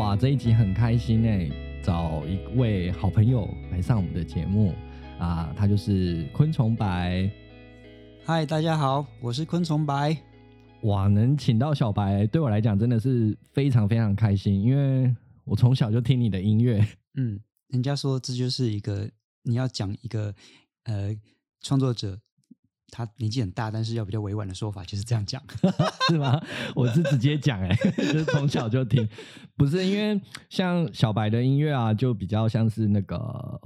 哇，這一集很開心哎！找一位好朋友來上我們的節目啊，他就是昆蟲白。嗨，大家好，我是昆蟲白。哇，能請到小白對我來講真的是非常非常開心，因為我從小就聽你的音樂。嗯，人家說這就是一個你要講一個呃創作者。他年紀很大，但是要比較委婉的說法就是這樣講。 是嗎？我是直接講哎、欸， 就是從小就聽，不是因為像小白的音樂啊，就比較像是那個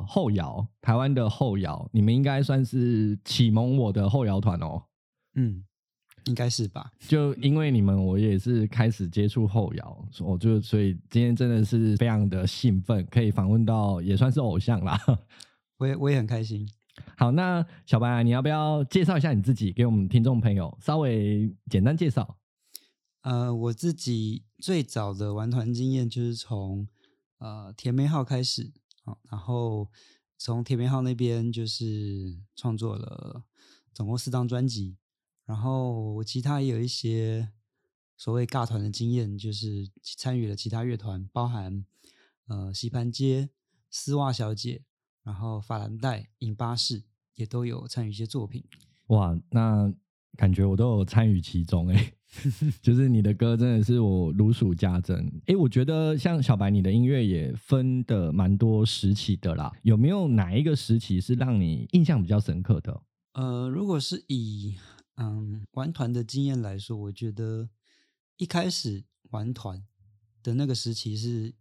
後搖，台灣的後搖，你們應該算是啟蒙我的後搖團哦。嗯，應該是吧？就因為你們，我也是開始接觸後搖，我就所以今天真的是非常的興奮，可以訪問到也算是偶像啦。 我也我也很開心。好，那小白，你要不要介紹一下你自己，給我們聽眾朋友稍微簡單介紹？呃，我自己最早的玩團經驗就是從呃甜梅號開始，啊、哦，然後從甜梅號那邊就是創作了總共四張專輯，然後我其他也有一些所謂尬團的經驗，就是參與了其他樂團，包含呃洗盤街、絲襪小姐。然後，法蘭黛、影巴士也都有參與一些作品。哇，那感覺我都有參與其中哎、欸， 就是你的歌真的是我如數家珍哎。我覺得像小白，你的音樂也分的蠻多時期的啦。有沒有哪一個時期是讓你印象比較深刻的？呃，如果是以嗯玩團的經驗來說，我覺得一開始玩團的那個時期是。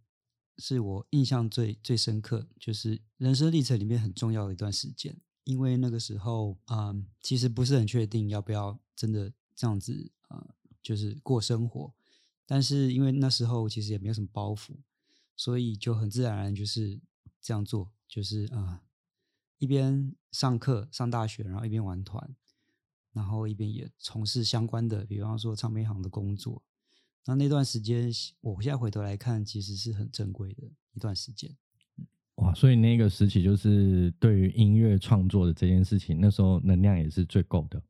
是我印象最最深刻，就是人生歷程裡面很重要的一段時間。因為那個時候啊、嗯，其實不是很確定要不要真的這樣子啊、嗯，就是過生活。但是因為那時候其實也沒有什麼包袱，所以就很自然而然就是這樣做，就是啊、嗯，一邊上課上大學，然後一邊玩團，然後一邊也從事相關的，比方說唱片行的工作。那那段時間，我現在回頭來看，其實是很珍貴的一段時間。哇，所以那個時期就是對於音樂創作的這件事情，那時候能量也是最夠的。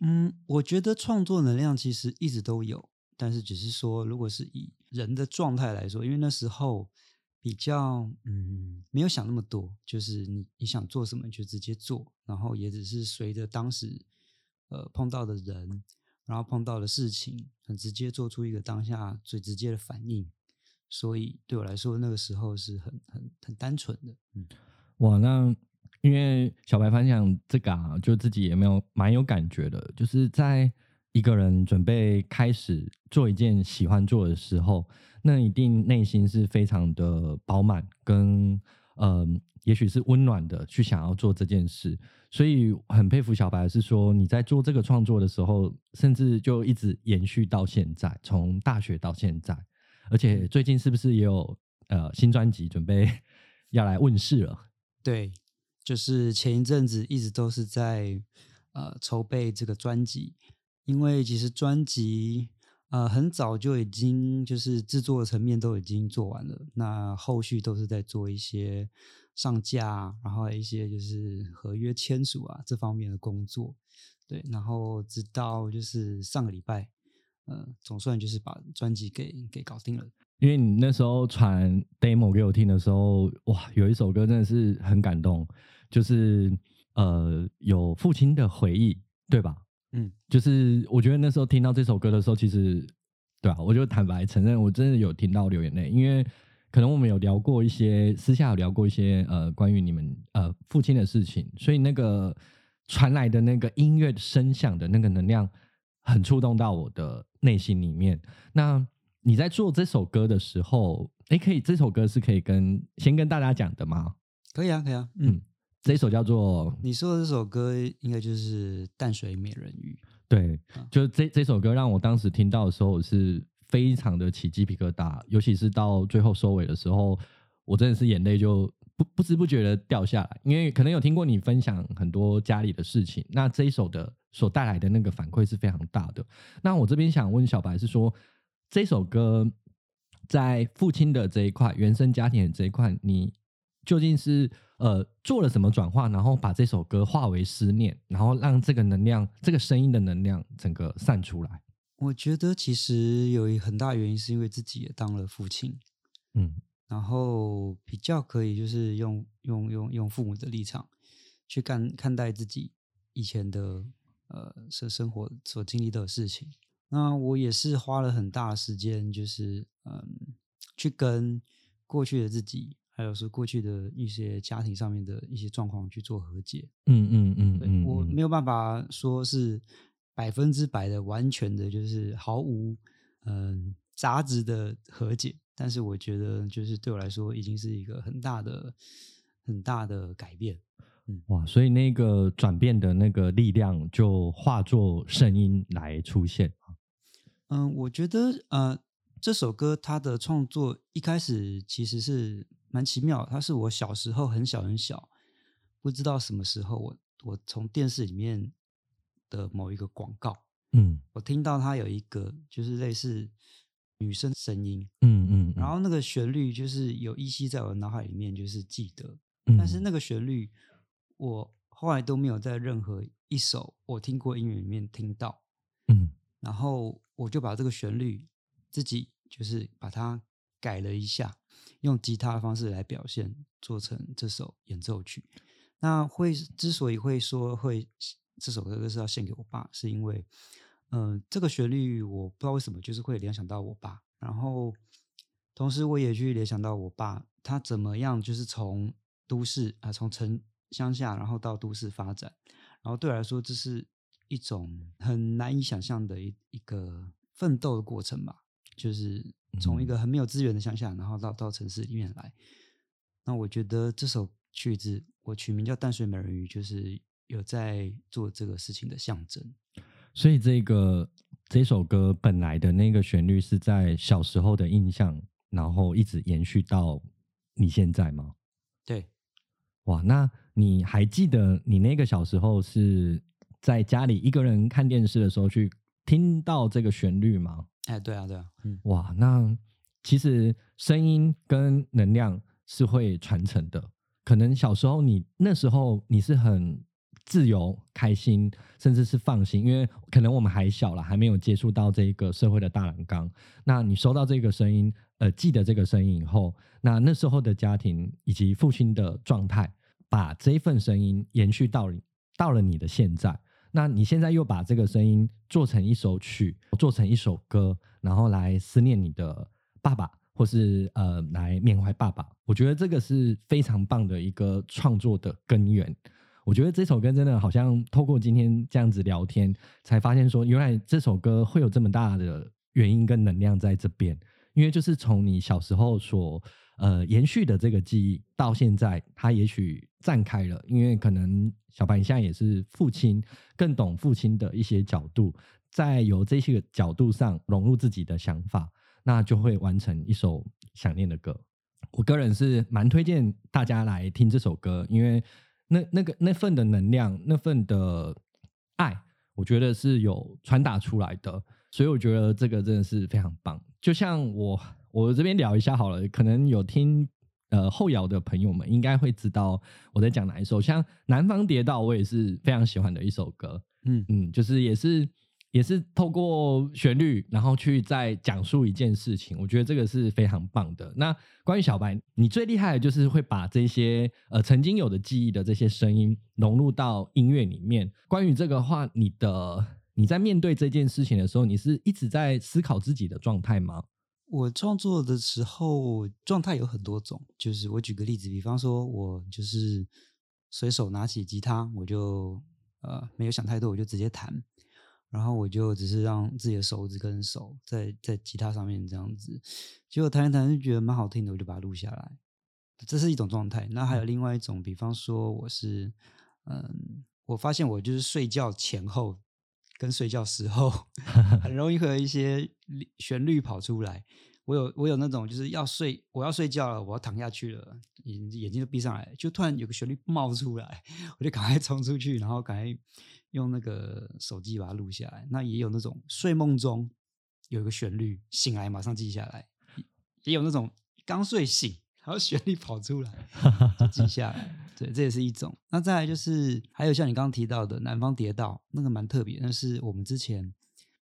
嗯，我覺得創作能量其實一直都有，但是只是說，如果是以人的狀態來說，因為那時候比較嗯沒有想那麼多，就是你你想做什麼你就直接做，然後也只是隨着當時呃碰到的人，然後碰到的事情，很直接做出一個當下最直接的反應，所以對我來說那個時候是很很很單純的。嗯，哇，那因為小白分享這個啊，就自己也沒有蠻有感覺的，就是在一個人準備開始做一件喜歡做的時候，那一定內心是非常的飽滿，跟嗯。呃也許是溫暖的，去想要做這件事，所以很佩服小白是說，你在做這個創作的時候，甚至就一直延續到現在，從大學到現在，而且最近是不是也有呃新專輯準備要來問世了？對，就是前一陣子一直都是在呃籌備這個專輯，因為其實專輯呃很早就已經就是制作的層面都已經做完了，那後續都是在做一些。上架，然後一些就是合約簽署啊這方面的工作，對，然後直到就是上個禮拜，呃，總算就是把專輯給給搞定了。因為你那時候傳 demo 給我聽的時候，哇，有一首歌真的是很感動，就是呃，有父親的回憶，對吧？嗯，就是我覺得那時候聽到這首歌的時候，其實對啊，我就坦白承認，我真的有聽到流眼淚，因為。可能我們有聊過一些，私下有聊過一些，呃，關於你們呃父親的事情，所以那個傳來的那個音樂的聲響的那個能量，很觸動到我的內心裡面。那你在做這首歌的時候，哎，可以，這首歌是可以跟先跟大家講的嗎？可以啊，可以啊，嗯，你說，這首叫做你說的這首歌，應該就是《淡水美人魚》。對，啊、就是這這首歌讓我當時聽到的時候，我是。非常的起雞皮疙瘩，尤其是到最後收尾的時候，我真的是眼淚就不不知不覺的掉下來。因為可能有聽過你分享很多家裡的事情，那這一首的所帶來的那個反饋是非常大的。那我這邊想問小白是說，這首歌在父親的這一塊、原生家庭的這一塊，你究竟是呃做了什麼轉化，然後把這首歌化為思念，然後讓這個能量、這個聲音的能量整個散出來。我覺得其實有一很大原因是因為自己也當了父親，嗯，然後比較可以就是用用用用父母的立場去看看待自己以前的呃生生活所經歷的事情。那我也是花了很大的時間，就是嗯、呃，去跟過去的自己，還有說過去的一些家庭上面的一些狀況去做和解。嗯嗯嗯嗯，我沒有辦法說是。百分之百的、完全的，就是毫無嗯、呃、雜質的和解。但是我覺得，就是對我來說，已經是一個很大的、很大的改變。嗯，哇，所以那個轉變的那個力量，就化作聲音來出現。嗯，嗯，我覺得呃，這首歌它的創作一開始其實是蠻奇妙。它是我小時候很小很小，不知道什麼時候我，我我從電視裡面。的某一個廣告，嗯，我聽到它有一個就是類似女生聲音，嗯嗯，嗯，然後那個旋律就是有依稀在我腦海裡面，就是記得，嗯，但是那個旋律我後來都沒有在任何一首我聽過音樂裡面聽到，嗯，然後我就把這個旋律自己就是把它改了一下，用吉他的方式來表現，做成這首演奏曲。那會之所以會說會，這首歌就是要獻給我爸，是因為，嗯、呃，這個旋律我不知道為什麼就是會聯想到我爸，然後同時我也去聯想到我爸他怎麼樣，就是從都市啊，從城鄉下，然後到都市發展，然後對我來說，這是一種很難以想象的一一個奮鬥的過程吧，就是從一個很沒有資源的鄉下，然後到到城市裡面來。那我覺得這首曲子我取名叫《淡水美人魚》，就是。有在做這個事情的象徵，所以這個這首歌本來的那個旋律是在小時候的印象，然後一直延續到你現在嗎？對。哇，那你還記得你那個小時候是在家裡一個人看電視的時候去聽到這個旋律嗎？哎、欸，對啊，對啊。嗯，哇，那其實聲音跟能量是會傳承的，可能小時候你那時候你是很。自由、開心，甚至是放心，因為可能我們還小了，還沒有接觸到這一個社會的大染缸。那你收到這個聲音，呃，記得這個聲音以後，那那時候的家庭以及父親的狀態，把這一份聲音延續到你到了你的現在。那你現在又把這個聲音做成一首曲，做成一首歌，然後來思念你的爸爸，或是呃，來緬懷爸爸。我覺得這個是非常棒的一個創作的根源。我覺得這首歌真的好像透過今天這樣子聊天，才發現說，原來這首歌會有這麼大的原因跟能量在這邊。因為就是從你小時候所呃延續的這個記憶到現在，它也許綻開了。因為可能小白你現在也是父親，更懂父親的一些角度，在有這些個角度上融入自己的想法，那就會完成一首想念的歌。我個人是蠻推薦大家來聽這首歌，因為。那那個那份的能量，那份的愛，我覺得是有傳達出來的，所以我覺得這個真的是非常棒。就像我我這邊聊一下好了，可能有聽呃後搖的朋友們，應該會知道我在講哪一首。像《南方蝶道》，我也是非常喜歡的一首歌。嗯嗯，就是也是。也是透過旋律，然後去再講述一件事情，我覺得這個是非常棒的。那關於小白，你最厲害的就是會把這些呃曾經有的記憶的這些聲音融入到音樂裡面。關於這個話，你的你在面對這件事情的時候，你是一直在思考自己的狀態嗎？我創作的時候狀態有很多種，就是我舉個例子，比方說我就是隨手拿起吉他，我就呃沒有想太多，我就直接彈。然後我就只是讓自己的手指跟手在在吉他上面這樣子，結果彈一彈就覺得蠻好聽的，我就把它錄下來。這是一種狀態。那還有另外一種，嗯、比方說我是嗯，我發現我就是睡覺前後跟睡覺時候 很容易會有一些旋律跑出來。我有我有那種就是要睡，我要睡覺了，我要躺下去了，眼眼睛就閉上來，就突然有個旋律冒出來，我就趕快衝出去，然後趕快。用那個手機把它錄下來，那也有那種睡夢中有一個旋律，醒來馬上記下來，也有那種剛睡醒，然後旋律跑出來就記下來。對，這也是一種。那再來就是還有像你剛剛提到的《南方蝶道》，那個蠻特別。那是我們之前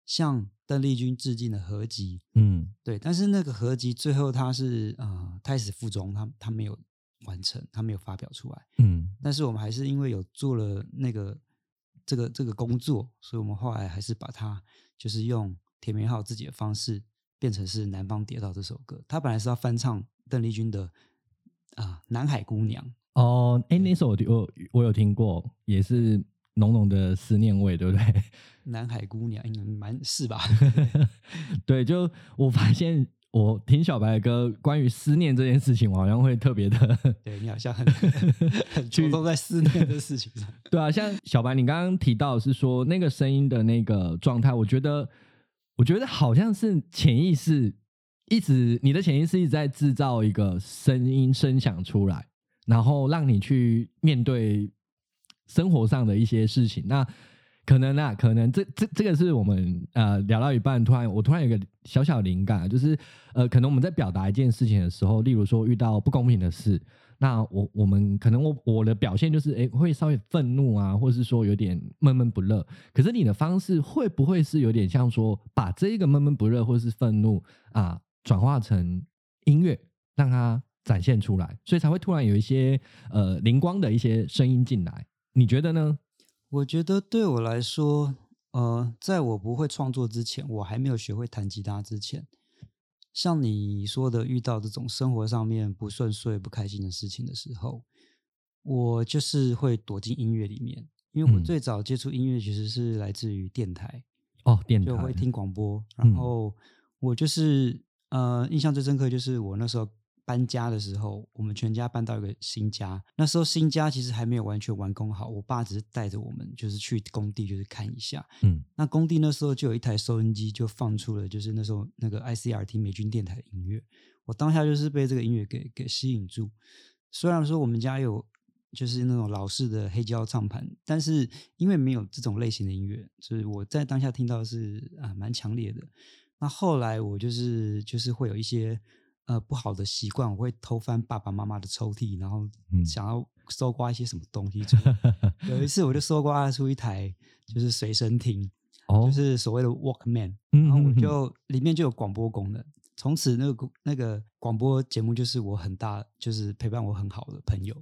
向鄧麗君致敬的合集，嗯，對。但是那個合集最後它是啊、呃，胎死腹中他，他他沒有完成，他沒有發表出來。嗯，但是我們還是因為有做了那個。這個這個工作，所以我們後來還是把它就是用甜梅號自己的方式變成是《南方蝶道》這首歌。他本來是要翻唱鄧麗君的啊、呃《南海姑娘》哦，哎，那首我我我有聽過，也是濃濃的思念味，對不對？《南海姑娘》蠻是吧？ 對，就我發現。我聽小白的歌，關於思念這件事情，我好像會特別的對。對你好像很 很注重在思念的事情上。 對啊，像小白，你剛剛提到是說那個聲音的那個狀態，我覺得我覺得好像是潛意識一直，你的潛意識一直在制造一個聲音聲響出來，然後讓你去面對生活上的一些事情。那可能啊，可能這這這個是我們呃聊到一半，突然我突然有一個小小靈感，就是呃，可能我們在表達一件事情的時候，例如說遇到不公平的事，那我我們可能我我的表現就是哎，會稍微憤怒啊，或是說有點悶悶不樂。可是你的方式會不會是有點像說，把這個悶悶不樂或是憤怒啊、呃，轉化成音樂，讓它展現出來，所以才會突然有一些呃靈光的一些聲音進來？你覺得呢？我覺得對我來說，呃，在我不會創作之前，我還沒有學會彈吉他之前，像你說的，遇到這種生活上面不順遂、不開心的事情的時候，我就是會躲進音樂裡面。因為我最早接觸音樂其實是來自於電台、嗯、哦，電台就會聽廣播，然後我就是呃，印象最深刻就是我那時候。搬家的時候，我們全家搬到一個新家。那時候新家其實還沒有完全完工好，我爸只是帶着我們就是去工地，就是看一下。嗯，那工地那時候就有一台收音機，就放出了就是那時候那個 ICRT 美軍電台的音樂。我當下就是被這個音樂給給吸引住。雖然說我們家有就是那種老式的黑膠唱盤，但是因為沒有這種類型的音樂，所以我在當下聽到是啊蠻強烈的。那後來我就是就是會有一些。呃，不好的習慣，我會偷翻爸爸媽媽的抽屜，然後想要搜刮一些什麼東西出來。嗯、有一次，我就搜刮出一台就是隨身聽，就是所謂的 Walkman。哦，然後我就裡面就有廣播功能。從此，那個那個廣播節目就是我很大，就是陪伴我很好的朋友。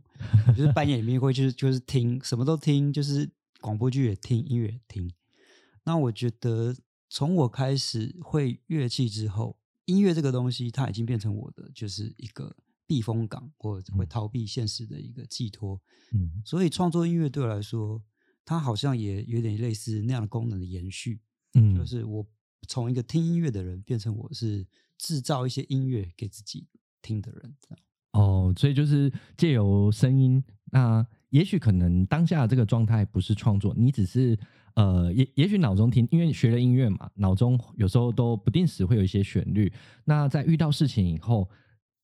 就是半夜裡面會去就是，就是聽什麼都聽，就是廣播劇也聽，音樂也聽。那我覺得，從我開始會樂器之後。音樂這個東西，它已經變成我的就是一個避風港，或者會逃避現實的一個寄托。嗯，所以創作音樂對我來說，它好像也有點類似那樣的功能的延續。嗯，就是我從一個聽音樂的人，變成我是制造一些音樂給自己聽的人。哦，所以就是借由聲音，那也許可能當下的這個狀態不是創作，你只是。呃，也也許腦中聽，因為你學了音樂嘛，腦中有時候都不定時會有一些旋律。那在遇到事情以後，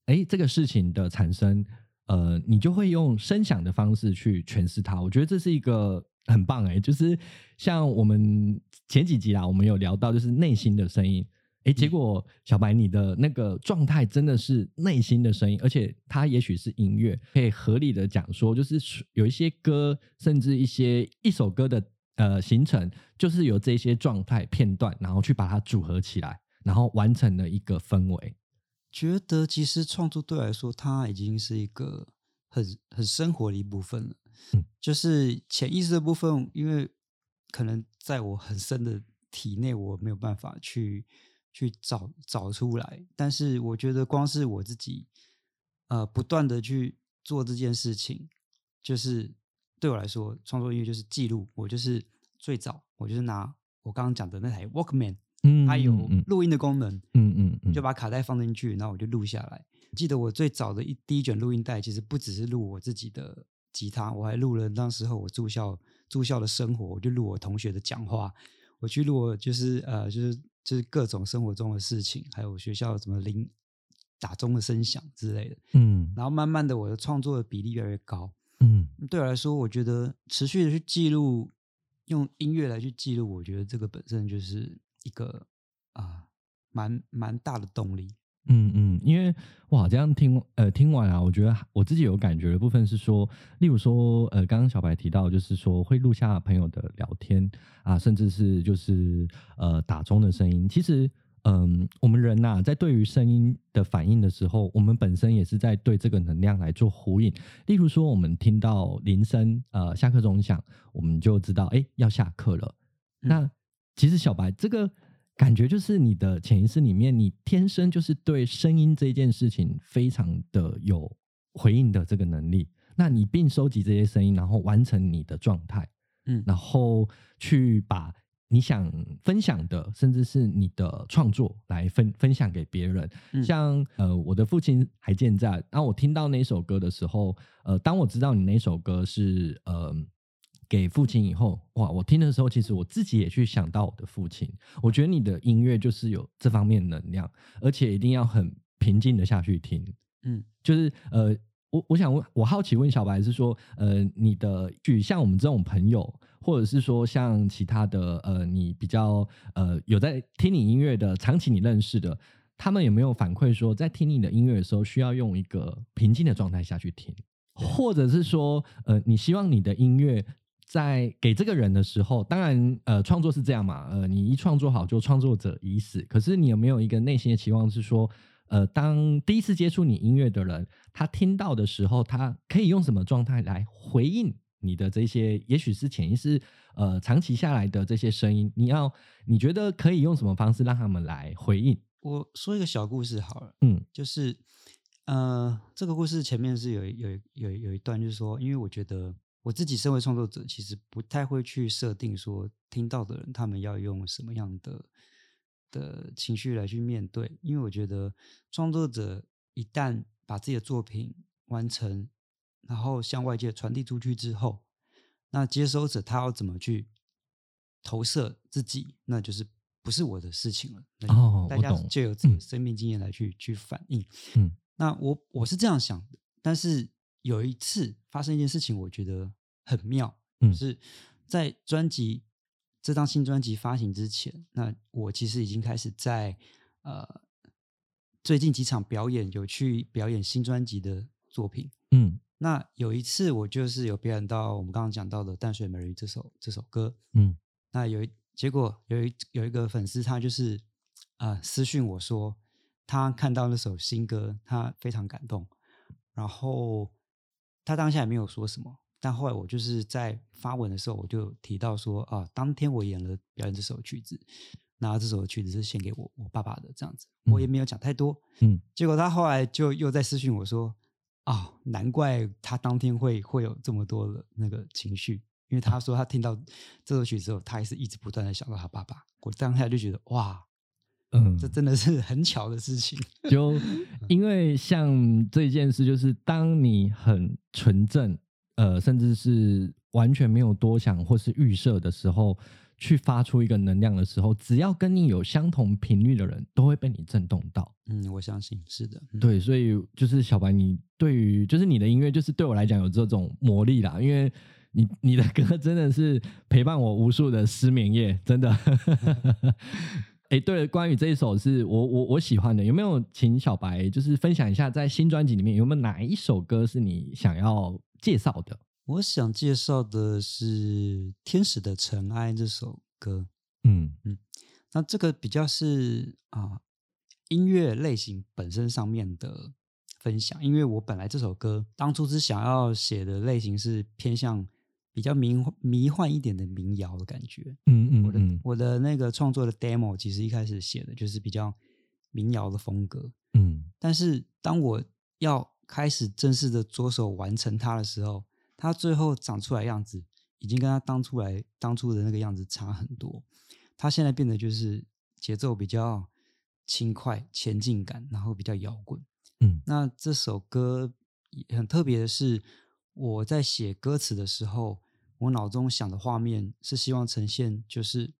欸，這個事情的產生，呃，你就會用聲響的方式去詮釋它。我覺得這是一個很棒欸，就是像我們前幾集啦，我們有聊到就是內心的聲音。欸，結果小白你的那個狀態真的是內心的聲音，而且它也許是音樂，可以合理的講說，就是有一些歌，甚至一些一首歌的。呃，形成，就是有這些狀態片段，然後去把它組合起來，然後完成了一個氛圍。覺得其實創作對我來說，它已經是一個很很生活的一部分了。嗯，就是潛意識的部分，因為可能在我很深的體內，我沒有辦法去去找找出來。但是我覺得，光是我自己，呃，不斷的去做這件事情，就是。對我來說，創作音樂就是記錄。我就是最早，我就是拿我剛剛講的那台 Walkman，嗯，它有錄音的功能，嗯嗯嗯，嗯嗯嗯就把卡帶放進去，然後我就錄下來。記得我最早的一第一卷錄音帶，其實不只是錄我自己的吉他，我還錄了那時候我住校住校的生活，我就錄我同學的講話，我去錄我就是呃就是就是各種生活中的事情，還有學校怎麼鈴打鐘的聲響之類的。嗯，然後慢慢的，我的創作的比例越來越高。對我來說，我覺得持續的去記錄，用音樂來去記錄，我覺得這個本身就是一個啊、呃，蠻蠻大的動力。嗯嗯，因為我好像聽呃聽完啊，我覺得我自己有感覺的部分是說，例如說呃，剛剛小白提到就是說會錄下朋友的聊天啊、呃，甚至是就是呃打鐘的聲音，其實。嗯，我們人吶、啊，在對於聲音的反應的時候，我們本身也是在對這個能量來做呼應。例如說，我們聽到鈴聲，呃，下課鐘響，我們就知道，哎，要下課了。嗯、那其實小白，這個感覺就是你的潛意識裡面，你天生就是對聲音這件事情非常的有回應的這個能力。那你並收集這些聲音，然後完成你的狀態，嗯，然後去把。你想分享的，甚至是你的創作來分分享給別人。嗯、像呃，我的父親還健在。當我聽到那首歌的時候，呃，當我知道你那首歌是呃給父親以後，哇！我聽的時候，其實我自己也去想到我的父親。我覺得你的音樂就是有這方面能量，而且一定要很平靜的下去聽。嗯，就是呃，我我想問我好奇問小白是說，呃，你的曲像我們這種朋友。或者是說，像其他的呃，你比較呃有在聽你音樂的、長期你認識的，他們有沒有反饋說，在聽你的音樂的時候，需要用一個平靜的狀態下去聽，或者是說，呃，你希望你的音樂在給這個人的時候，當然呃，創作是這樣嘛，呃，你一創作好就創作者已死。可是你有沒有一個內心的期望是說，呃，當第一次接觸你音樂的人，他聽到的時候，他可以用什麼狀態來回應？你的這些，也許是潛意識，呃，長期下來的這些聲音，你要你覺得可以用什麼方式讓他們來回應？我說一個小故事好了，嗯，就是，呃，這個故事前面是有有有有，有一段，就是說，因為我覺得我自己身為創作者，其實不太會去設定說聽到的人他們要用什麼樣的的情緒來去面對，因為我覺得創作者一旦把自己的作品完成，然後向外界傳遞出去之後，那接收者他要怎麼去投射自己，那就是不是我的事情了。哦，大家就有自己的生命經驗來去去反應、哦、嗯，那我我是這樣想的。但是有一次發生一件事情，我覺得很妙。嗯，就是在專輯這張新專輯發行之前，那我其實已經開始在呃最近幾場表演有去表演新專輯的作品。嗯。那有一次，我就是有表演到我們剛剛講到的《淡水美人魚》這首這首歌。嗯，那有，有一，結果，有一有一個粉絲，他就是啊、呃，私信我說，他看到那首新歌，他非常感動。然後他當下也沒有說什麼，但後來我就是在發文的時候，我就提到說啊、呃，當天我演了表演這首曲子，那這首曲子是獻給我我爸爸的，這樣子，我也沒有講太多。嗯，結果他後來就又在私信我說。哦，難怪他當天會會有這麼多的那個情緒，因為他說他聽到這首曲子後，他也是一直不斷的想到他爸爸。我當下就覺得，哇，嗯，這真的是很巧的事情。就因為像這件事，就是當你很純正，呃，甚至是完全沒有多想或是預設的時候。去發出一個能量的時候，只要跟你有相同頻率的人，都會被你震動到。嗯，我相信是的。嗯、對，所以就是小白，你對於就是你的音樂，就是對我來講有這種魔力啦。因為你你的歌真的是陪伴我無數的失眠夜，真的。哎、 嗯欸，對了，關於這一首，是我我我喜歡的，有沒有請小白就是分享一下，在新專輯裡面有沒有哪一首歌是你想要介紹的？我想介紹的是《天使的塵埃》這首歌。嗯嗯，那這個比較是啊，音樂類型本身上面的分享。因為我本來這首歌當初是想要寫的類型是偏向比較迷幻、迷幻一點的民謠的感覺。嗯嗯，嗯嗯，我的我的那個創作的 demo 其實一開始寫的就是比較民謠的風格。嗯，但是當我要開始正式的着手完成它的時候，他最後長出來樣子，已經跟他當初來當初的那個樣子差很多。他現在變得就是節奏比較輕快、前進感，然後比較搖滾。嗯，那這首歌很特別的是，我在寫歌詞的時候，我腦中想的畫面是希望呈現就是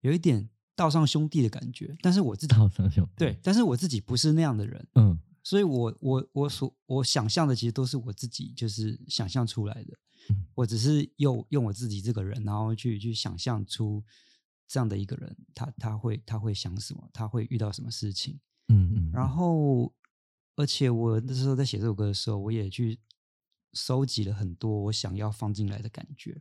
有一點道上兄弟的感覺。但是我自己。道上兄弟。對，但是我自己不是那樣的人。嗯。所以我，我我我所，我想象的，其實都是我自己就是想象出來的。嗯。我只是用用我自己這個人，然後去去想象出這樣的一個人，他他會他會想什麼，他會遇到什麼事情。嗯，嗯嗯。然後，而且我那時候在寫這首歌的時候，我也去收集了很多我想要放進來的感覺，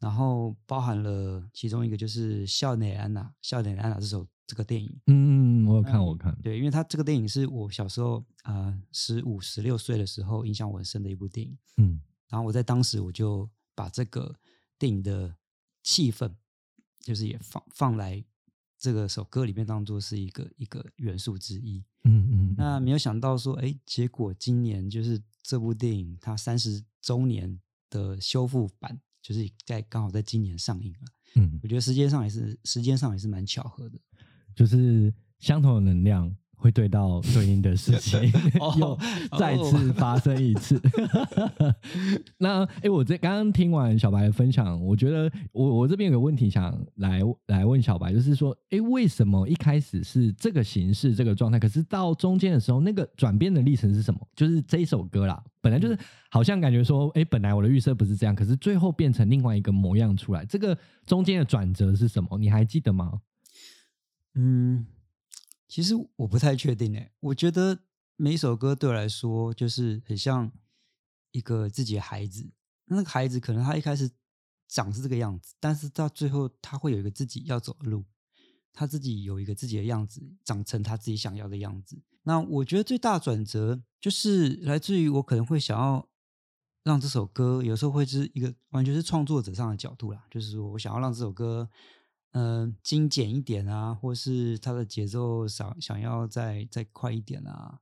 然後包含了其中一個就是《笑內安娜》，《笑內安娜》這首歌。這個電影，嗯那我有看，我看。對，因為他這個電影是我小時候啊，呃、十五、十六歲的時候印象很深的一部電影。嗯，然後我在當時我就把這個電影的氣氛，就是也放放來這個首歌裡面當做是一個一個元素之一。嗯嗯。嗯，那沒有想到說，哎，結果今年就是這部電影它三十週年的修復版，就是在剛好在今年上映了。嗯，我覺得時間上也是時間上也是蠻巧合的。就是相同的能量會對到對應的事情， 又再次發生一次。 那誒、欸，我這剛剛聽完小白的分享，我覺得我我這邊有個問題想來來問小白，就是說，誒、欸，為什麼一開始是這個形式、這個狀態，可是到中間的時候，那個轉變的歷程是什麼？就是這一首歌啦，本來就是好像感覺說，誒、欸，本來我的預設不是這樣，可是最後變成另外一個模樣出來，這個中間的轉折是什麼？你還記得嗎？嗯，其實我不太確定誒。我覺得每一首歌對我來說，就是很像一個自己的孩子。那個孩子可能他一開始長是這個樣子，但是到最後他會有一個自己要走的路，他自己有一個自己的樣子，長成他自己想要的樣子。那我覺得最大的轉折就是來自於我可能會想要讓這首歌，有時候會是一個完全是創作者上的角度啦，就是說我想要讓這首歌。嗯、呃，精簡一點啊，或是它的節奏想想要再再快一點啊，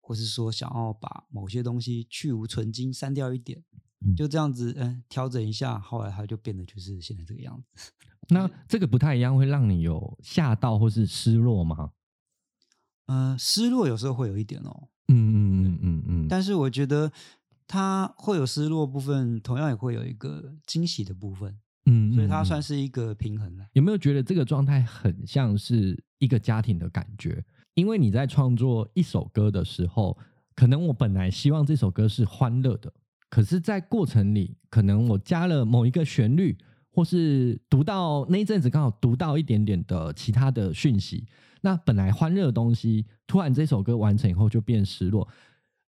或是說想要把某些東西去蕪存菁刪掉一點，嗯、就這樣子嗯調、呃、整一下，後來它就變得就是現在這個樣子。那這個不太一樣，會讓你有嚇到或是失落嗎？呃，失落有時候會有一點哦、喔，嗯嗯嗯嗯嗯。但是我覺得它會有失落部分，同樣也會有一個驚喜的部分。嗯、嗯，所以它算是一個平衡。有沒有覺得這個狀態很像是一個家庭的感覺？因為你在創作一首歌的時候，可能我本來希望這首歌是歡樂的，可是在過程裡，可能我加了某一個旋律，或是讀到那一陣子剛好讀到一點點的其他的訊息，那本來歡樂的東西，突然這首歌完成以後就變失落。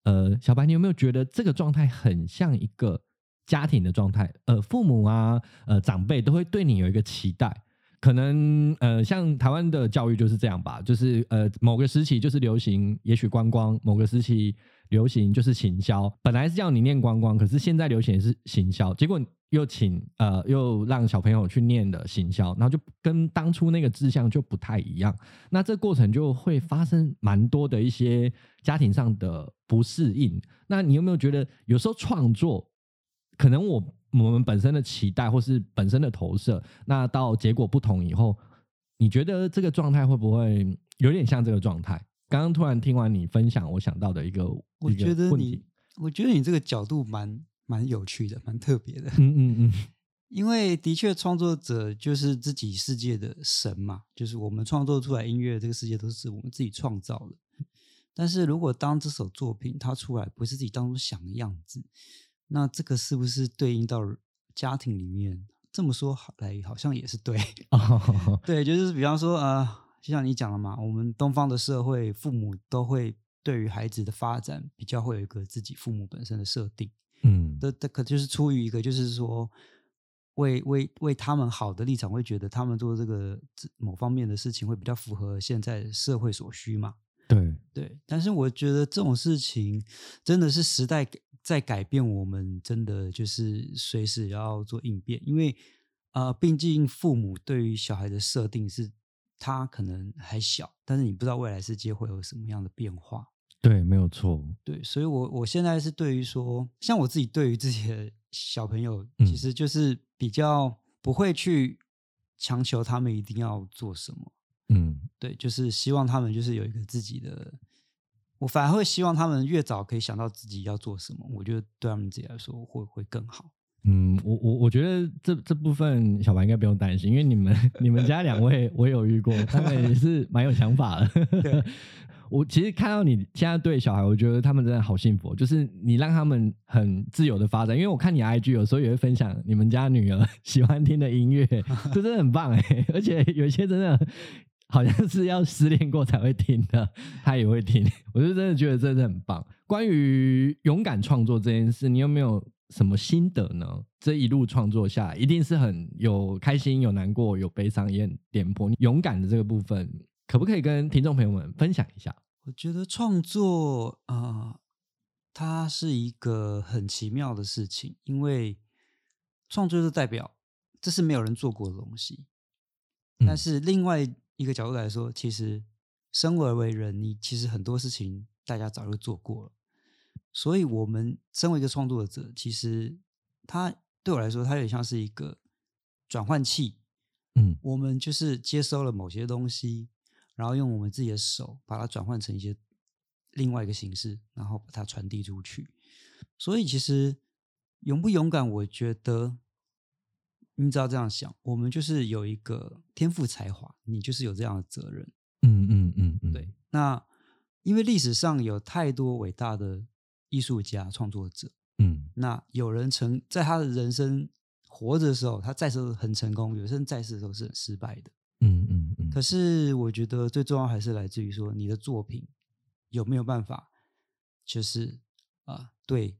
呃，小白，你有沒有覺得這個狀態很像一個？家庭的狀態，呃，父母啊，呃，長輩都會對你有一個期待，可能呃，像台灣的教育就是這樣吧，就是呃，某個時期就是流行，也許觀光，某個時期流行就是行銷，本來是要你念觀光，可是現在流行是行銷，結果又請呃，又讓小朋友去念的行銷，然後就跟當初那個志向就不太一樣，那這過程就會發生蠻多的一些家庭上的不適應，那你有沒有覺得有時候創作？可能我我們本身的期待或是本身的投射，那到結果不同以後，你覺得這個狀態會不會有點像這個狀態？剛剛突然聽完你分享，我想到的一個問題，我覺得你，我覺得你這個角度蠻蠻有趣的，蠻特別的。嗯嗯嗯，嗯嗯因為的確創作者就是自己世界的神嘛，就是我們創作出來音樂的這個世界都是我們自己創造的。但是如果當這首作品它出來不是自己當初想的樣子。那這個是不是對應到家庭裡面？這麼說來，好像也是對、oh. 對，就是比方說啊、呃，就像你講了嘛，我們東方的社會，父母都會對於孩子的發展比較會有一個自己父母本身的設定。嗯，這這可就是出於一個就是說為為為他們好的立場，會覺得他們做這個某方面的事情會比較符合現在的社會所需嘛？對對。但是我覺得這種事情真的是時代給。在改變我們真的就是隨時要做應變，因為啊、呃，畢竟父母對於小孩的設定是，他可能還小，但是你不知道未來世界會有什麼樣的變化。對，沒有錯。對，所以我，我我現在是對於說，像我自己對於自己的小朋友，其實就是比較不會去強求他們一定要做什麼。嗯，對，就是希望他們就是有一個自己的。我反而會希望他們越早可以想到自己要做什麼，我覺得對他們自己來說會會更好。嗯，我我我覺得這這部分小白應該不用擔心，因為你們你們家兩位我有遇過，他們 也是蠻有想法的。 對我其實看到你現在對小孩，我覺得他們真的好幸福，就是你讓他們很自由的發展。因為我看你 IG 有時候也會分享你們家女兒喜歡聽的音樂，這 真的很棒欸，而且有一些真的。好像是要失戀過才會聽的，他也會聽，我就真的覺得這是很棒。關於勇敢創作這件事，你有沒有什麼心得呢？這一路創作下來一定是很有開心、有難過、有悲傷，也很顛簸。勇敢的這個部分，可不可以跟聽眾朋友們分享一下？我覺得創作啊、呃，它是一個很奇妙的事情，因為創作是代表這是沒有人做過的東西，但是另外、嗯。一個角度來說，其實生而為人，你其實很多事情大家早就做過了。所以我們身為一個創作者，其實他對我來說，他有點像是一個轉換器。嗯，我們就是接收了某些東西，然後用我們自己的手把它轉換成一些另外一個形式，然後把它傳遞出去。所以，其實勇不勇敢，我覺得。你只要這樣想，我們就是有一個天賦才華，你就是有這樣的責任。嗯嗯嗯嗯，嗯嗯嗯對。那因為歷史上有太多偉大的藝術家創作者，嗯，那有人成在他的人生活着的時候，他在世很成功；有些人在世都是很失敗的。嗯嗯嗯。嗯嗯，可是我覺得最重要還是來自於說，你的作品有沒有辦法，就是啊、呃，對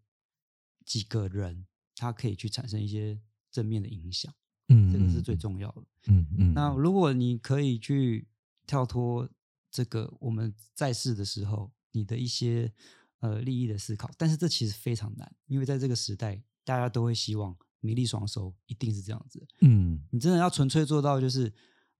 幾個人，他可以去產生一些。正面的影響，嗯，這個是最重要的，嗯嗯。嗯，那如果你可以去跳脫這個，我們在世的時候你的一些呃利益的思考，但是這其實非常難，因為在這個時代，大家都會希望名利雙收，一定是這樣子。嗯，你真的要純粹做到就是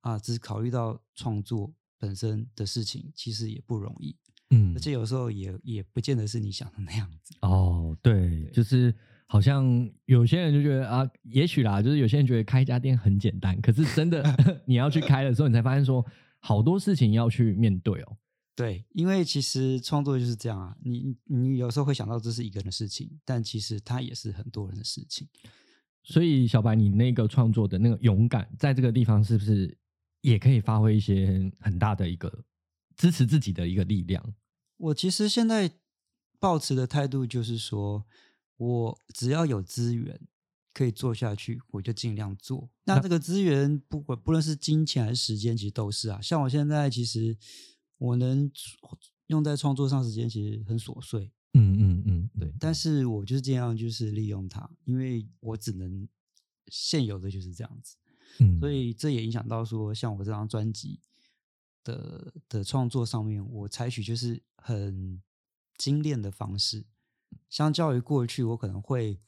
啊、呃，只考慮到創作本身的事情，其實也不容易。嗯，而且有時候也也不見得是你想的那樣子。哦，對，對就是。好像有些人就覺得啊，也許啦，就是有些人覺得開一家店很簡單，可是真的 你要去開的時候，你才發現說好多事情要去面對哦。對，因為其實創作就是這樣啊，你你有時候會想到這是一個人的事情，但其實它也是很多人的事情。所以，小白，你那個創作的那個勇敢，在這個地方是不是也可以發揮一些很大的一個支持自己的一個力量？我其實現在抱持的態度就是說，我只要有資源可以做下去，我就盡量做。那這個資源不管，不論是金錢還是時間，其實都是啊。像我現在其實我能用在創作上時間，其實很瑣碎。嗯嗯嗯，嗯嗯對。但是我就是這樣，就是利用它，因為我只能現有的就是這樣子。嗯，所以這也影響到說，像我這張專輯的的創作上面，我採取就是很精煉的方式。相較於過去，我可能會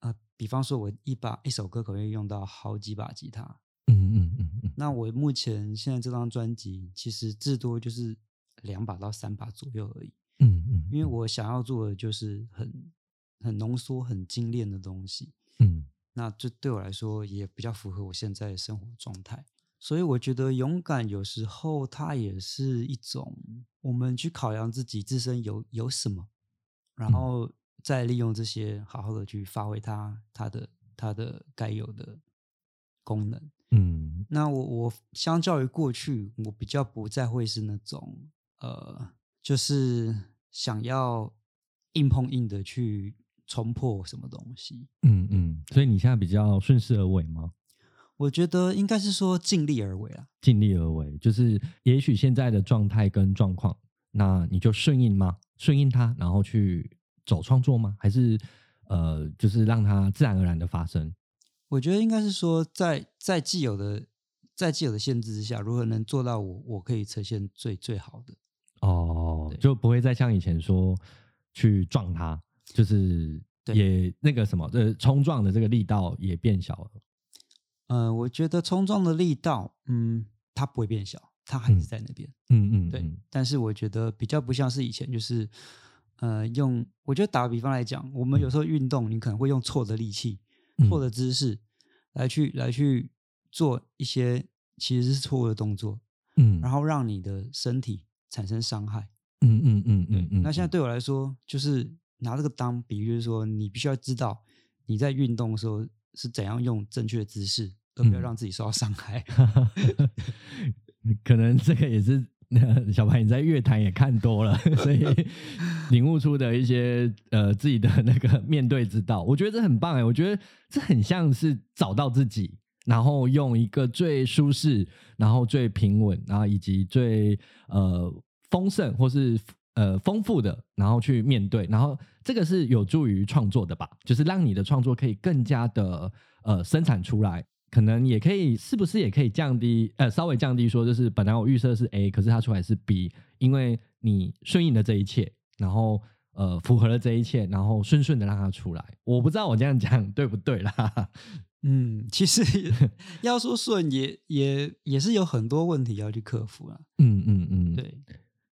啊、呃，比方說，我一把一首歌可能會用到好幾把吉他。嗯嗯嗯嗯。嗯嗯，那我目前現在這張專輯，其實至多就是兩把到三把左右而已。嗯嗯。嗯，因為我想要做的就是很很濃縮、很精煉的東西。嗯。那這對我來說也比較符合我現在的生活狀態。所以我覺得勇敢有時候它也是一種我們去考量自己自身有有什麼。然後再利用這些，好好的去發揮它、它的、它的該有的功能。嗯，那我我相較於過去，我比較不再會是那種呃，就是想要硬碰硬的去衝破什麼東西。嗯嗯，所以你現在比較順勢而為嗎？我覺得應該是說盡力而為啊，盡力而為就是也許現在的狀態跟狀況。那你就順應嗎？順應它，然後去走創作嗎？還是呃，就是讓它自然而然的發生？我覺得應該是說在，在在既有的在既有的限制之下，如何能做到我我可以呈現最最好的哦，對就不會再像以前說去撞它，就是也對那個什麼呃這個衝撞的這個力道也變小了。嗯、呃，我覺得衝撞的力道，嗯，它不會變小。他還是在那邊、嗯，嗯嗯，對。但是我覺得比較不像是以前，就是，呃，用我覺得打個比方來講，我們有時候運動，你可能會用錯的力氣、嗯、錯的姿勢來去來去做一些其實是錯誤的動作，嗯，然後讓你的身體產生傷害，嗯嗯嗯嗯。那現在對我來說，就是拿這個當比喻，就是說，你必須要知道你在運動的時候是怎樣用正確的姿勢，而不要讓自己受到傷害。嗯 可能這個也是小白你在樂壇也看多了，所以領悟出的一些呃自己的那個面對之道，我覺得這很棒哎，欸，我覺得這很像是找到自己，然後用一個最舒適、然後最平穩、然後以及最呃豐盛或是呃豐富的，然後去面對，然後這個是有助於創作的吧，就是讓你的創作可以更加的呃生產出來。可能也可以，是不是也可以降低？呃，稍微降低，說就是本來我預設是 A，可是它出來是 B，因為你順應了這一切，然後呃，符合了這一切，然後順順的讓它出來。我不知道我這樣講對不對啦。嗯，其實要說順也， 也也也是有很多問題要去克服啦、啊嗯。嗯嗯嗯，對，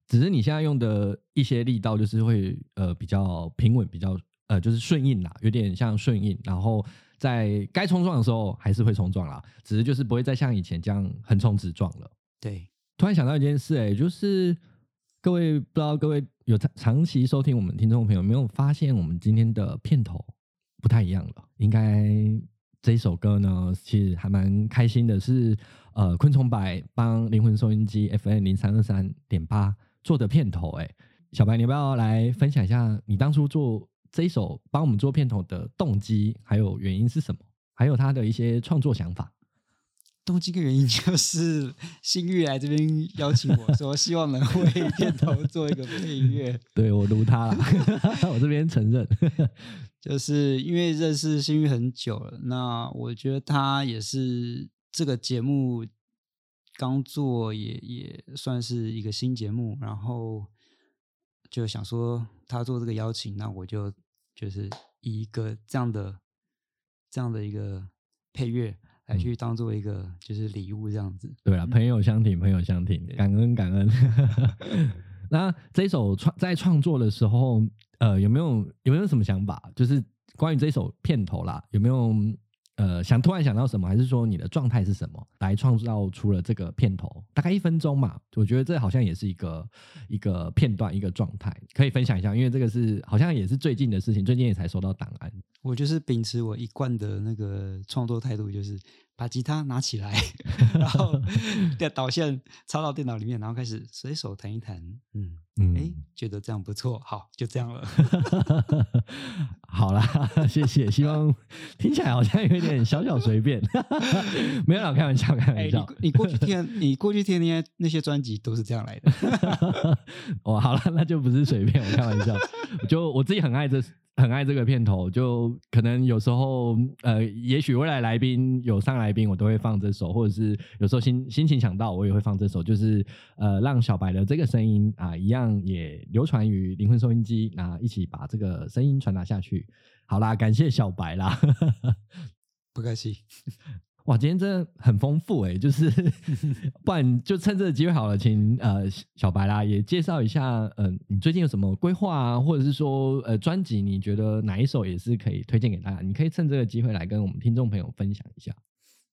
只是你現在用的一些力道，就是會呃比較平穩，比較呃就是順應啦，有點像順應，然後。在該衝撞的時候還是會衝撞啦，只是就是不會再像以前這樣橫衝直撞了。對，突然想到一件事，欸，哎，就是各位，不知道各位有長期收聽我們聽眾朋友沒有？發現我們今天的片頭不太一樣了。應該這一首歌呢，其實還蠻開心的是，是呃，昆蟲白幫靈魂收音機 FM 零三二三點八做的片頭，欸。哎，小白，你要不要來分享一下你當初做，這一首幫我們做片頭的動機還有原因是什麼？還有他的一些創作想法？動機的原因就是新玉來這邊邀請我說，希望能為片頭做一個配樂。 對我如他了， 我這邊承認， 就是因為認識新玉很久了。那我覺得他也是這個節目剛做也，也也算是一個新節目。然後。就想說他做這個邀請，那我就就是以一個這樣的、這樣的一個配樂來去當做一個就是禮物這樣子，嗯。對啊，朋友相挺，朋友相挺，感恩對感恩。感恩 那這首創在創作的時候，呃，有沒有有沒有什麼想法？就是關於這首片頭啦，有沒有？呃，想突然想到什麼，還是說你的狀態是什麼，來創造出了這個片頭？大概一分鐘嘛，我覺得這好像也是一個一個片段，一個狀態，可以分享一下，因為這個是好像也是最近的事情，最近也才收到檔案。我就是秉持我一貫的那個創作態度，就是。把吉他拿起來，然後導線插到電腦裡面，然後開始隨手彈一彈、嗯。嗯、誒、欸、覺得這樣不錯，好，就這樣了。 好啦，謝謝。希望聽起來好像有點小小隨便， 沒有啦，開玩笑，開玩笑。你過去聽，你過去聽那些那些專輯都是這樣來的。 哦，好了，那就不是隨便，我開玩笑。就我自己很愛這。很愛這個片頭，就可能有時候，呃，也許未來來賓有上來賓，我都會放這首，或者是有時候心心情想到，我也會放這首，就是呃，讓小白的這個聲音啊、呃，一樣也流傳於靈魂收音機，啊、呃，一起把這個聲音傳達下去。好啦，感謝小白啦， 不客氣。哇，今天真的很豐富哎，欸，就是， 不然就趁這個機會好了，請呃小白啦也介紹一下，嗯、呃，你最近有什麼規劃、啊，或者是說呃專輯，你覺得哪一首也是可以推薦給大家？你可以趁這個機會來跟我們聽眾朋友分享一下。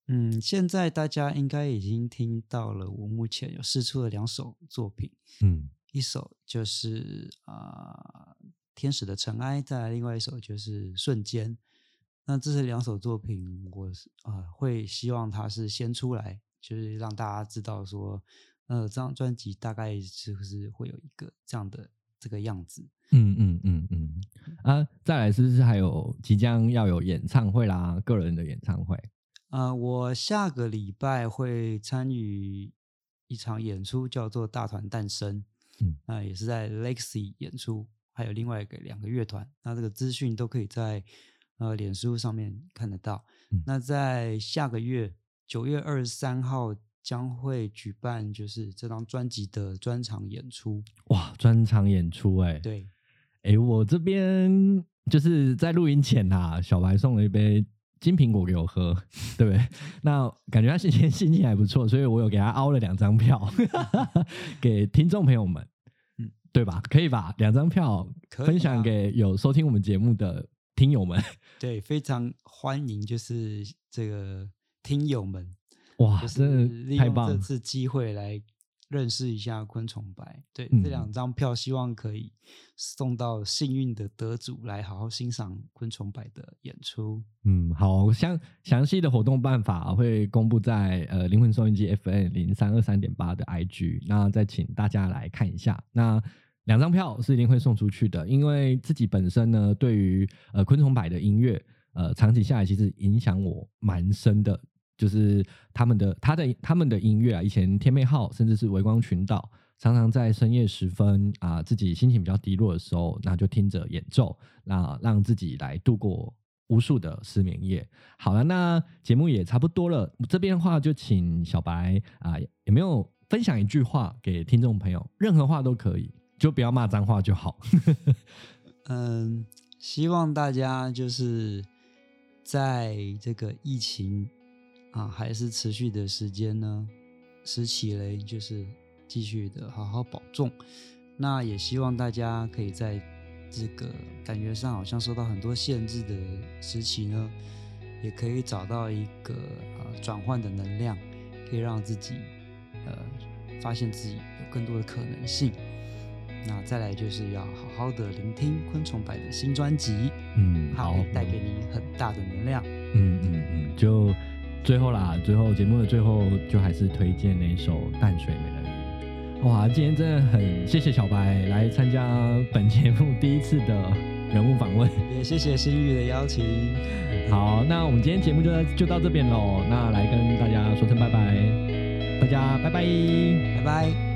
嗯，現在大家應該已經聽到了，我目前有試出了兩首作品，嗯，一首就是啊、呃、天使的塵埃，再來另外一首就是瞬間。那這是兩首作品我，我、呃、啊會希望它是先出來，就是讓大家知道說，呃，這張專輯大概是不是會有一個這樣的這個樣子。嗯嗯嗯嗯。啊，再來是不是還有即將要有演唱會啦，個人的演唱會？啊、呃，我下個禮拜會參與一場演出，叫做《大團誕生》。嗯，那、呃、也是在 Legacy 演出，還有另外一個兩個樂團。那這個資訊都可以在。呃，臉書上面看得到。嗯、那在下個月九月二十三號將會舉辦，就是這張專輯的專場演出。哇，專場演出哎。對，哎，我這邊就是在錄音前吶、啊，小白送了一杯金蘋果給我喝，對不對？那感覺他今天心情還不錯，所以我有給他凹了兩張票 給聽眾朋友們，嗯，對吧？可以吧？兩張票分享給有收聽我們節目的、啊。聽友們，對，非常歡迎，就是這個聽友們，哇，真是太棒了！這次機會來認識一下昆蟲白，嗯、對，這兩張票希望可以送到幸運的得主來好好欣賞昆蟲白的演出。嗯，好，詳詳細的活動辦法會公布在呃靈魂收音機 F M 零三二三點八的 I G，那再請大家來看一下。那兩張票是一定會送出去的，因為自己本身呢，對於呃昆蟲白的音樂，呃，長期下來其實影響我蠻深的，就是他們的他的他們的音樂啊，以前甜梅號甚至是微光群島，常常在深夜時分啊、呃，自己心情比較低落的時候，那就聽着演奏，那讓自己來度過無數的失眠夜。好了，那節目也差不多了，這邊的話就請小白啊，有、呃、沒有分享一句話給聽眾朋友？任何話都可以。就不要罵髒話就好。嗯，希望大家就是在這個疫情啊還是持續的時間呢時期呢，就是繼續的好好保重。那也希望大家可以在這個感覺上好像受到很多限制的時期呢，也可以找到一個呃轉換的能量，可以讓自己呃發現自己有更多的可能性。那再來就是要好好的聆聽昆蟲白的新專輯，嗯，好，帶給你很大的能量，嗯嗯嗯，就最後啦，最後節目的最後就還是推薦那一首《淡水美人魚》。哇，今天真的很謝謝小白來參加本節目第一次的人物訪問，也謝謝新玉的邀請。好，那我們今天節目就就到這邊嘍，那來跟大家說聲拜拜，大家拜拜，拜拜。